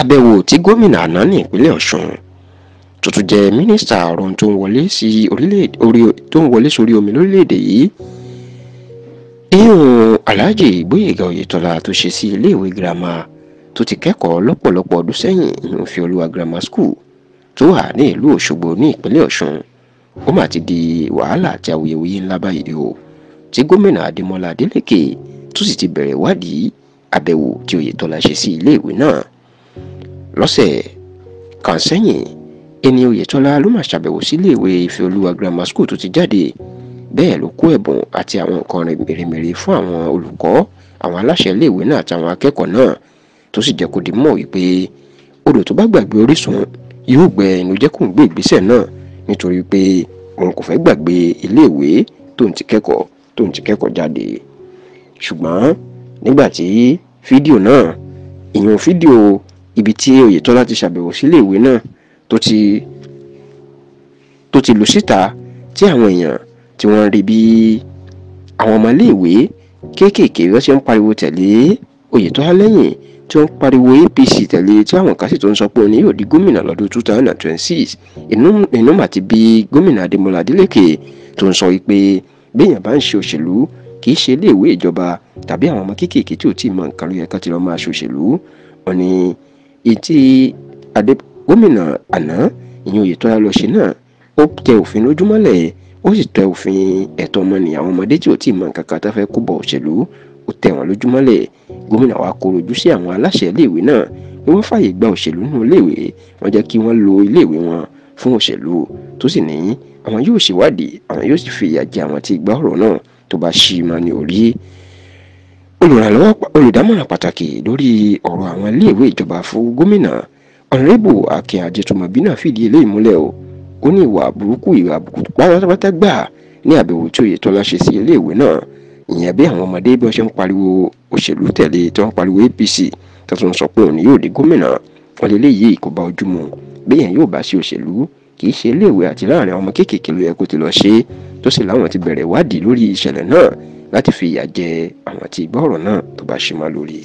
àbẹ̀wò tí gómìnà àná ní ìpínlẹ̀ ọ̀ṣun tó tún jẹ́ mínísítà ọ̀rọ̀ tó ń wọlé sí orí omi lórílẹ̀‐èdè yìí ìhùn alhaji ìgbóyèga oyètọ́lá tó ṣe sí iléèwé girama tó ti kẹ́kọ̀ọ́ lọ́pọ̀lọpọ̀ ọdún sẹ́yìn ní òfin olúwa grammar school tó wà ní ìlú òṣogbo ní ìpínlẹ̀ ọ̀ṣun ó mà ti di wàhálà àti awuyewuye ńlá báyìí o tí gómìnà adémọlá adélèké tó sì ti bẹ̀rẹ̀ ìwádìí àbẹ̀wò tí oyètọ́lá ṣe sí iléèwé náà lọ́sẹ̀ kan sẹ́yìn ẹni oyètọ́lá ló mà ṣàbẹ̀wò síléèwé ìfẹ́olúwa grammar school tó ti jáde bẹ́ẹ̀ ló kó ẹ̀bùn àti àwọn nǹkan mèremère fún àwọn olùkọ́ àwọn aláṣẹ iléèwé náà àtàwọn akẹ́kọ̀ọ́ náà tó sì jẹ́ kó di mọ̀ wípé odò tó bá gbàgbé orísun yóò gbẹ inú jẹ́ kó ń gbé ìgbésẹ̀ náà nítorí pé òun kò fẹ́ gbàgbé iléèwé tó ń ti kẹ́kọ̀ọ́ tó ń ti kẹ́kọ̀ọ́ jáde ṣùgbọ́n nígbà tí fídíò náà ìyẹn fídíò ibi tí Oyètọ́lá ti ṣàbẹ̀wò sílé ìwé náà tó ti tó ti lù síta tí àwọn èèyàn tí wọ́n rí bí àwọn ọmọléèwé kéékèèké wọ́n ṣe ń pariwo tẹ̀lé Oyètọ́lá lẹ́yìn tí wọ́n ń pariwo APC tẹ̀lé tí àwọn kan sì tó ń sọ pé òní yóò di gómìnà lọ́dún two thousand and twenty six inú màtí bí gómìnà Adémọ́lá Adélékè tó ń sọ wípé béèyàn bá ń ṣe òṣèlú kì í ṣe iléèwé ìjọba tàbí àwọn ọmọ kéékèèké tí ò tí ì mọ nǹkan ló yẹ ká ti lọ́ọ́ máa ṣòṣèlú wọn ìtì adé gómìnà àná ìyẹn Oyètọ́lá lọ ṣe náà ó tẹ òfin lójúmọ́lẹ̀ ó sì tẹ òfin ẹ̀tọ́ ọmọnìyàn àwọn ọmọdé tí ò tí ì mọ nǹkan kan tá fẹ́ kó bọ̀ òṣèlú ó tẹ wọn lójúmọ́lẹ̀ gómìnà wa kó rojú sí àwọn aláṣẹ iléèwé náà ni wọ́n fààyè gba òṣèlú nínú iléèwé wọ́n jẹ́ kí wọ́n lo iléèwé wọn fún òṣèlú tó sì ní àwọn yóò ṣèwádìí àwọn yóò sì fi ìyà jẹ àwọn tí ìgbà ọ̀rọ̀ náà tó bá ṣì máa ní orí olùrànlọ́wọ́ olùdámọ̀ràn pàtàkì lórí ọ̀rọ̀ àwọn iléèwé ìjọba fún gómìnà ọ̀nrẹ́bù akin ajẹtùmọ̀bí náà fìdí eléyìí múlẹ̀ o ó ní ìwà burúkú ìwà àbùkù pátápátá gbà ní àbẹ̀wò tí oyetola ṣe sí iléèwé náà ìyẹn bí àwọn ọmọdé bí wọ́n ṣe ń pariwo òṣèlú tẹ̀lé tí wọ́n ń pariwo apc tó tún sọ pé òun yóò di gómìnà wọn lè kò bá ojú láti fi ìyà jẹ àwọn tí gbọ́ ọ̀rọ̀ náà tó bá ṣe má lórí.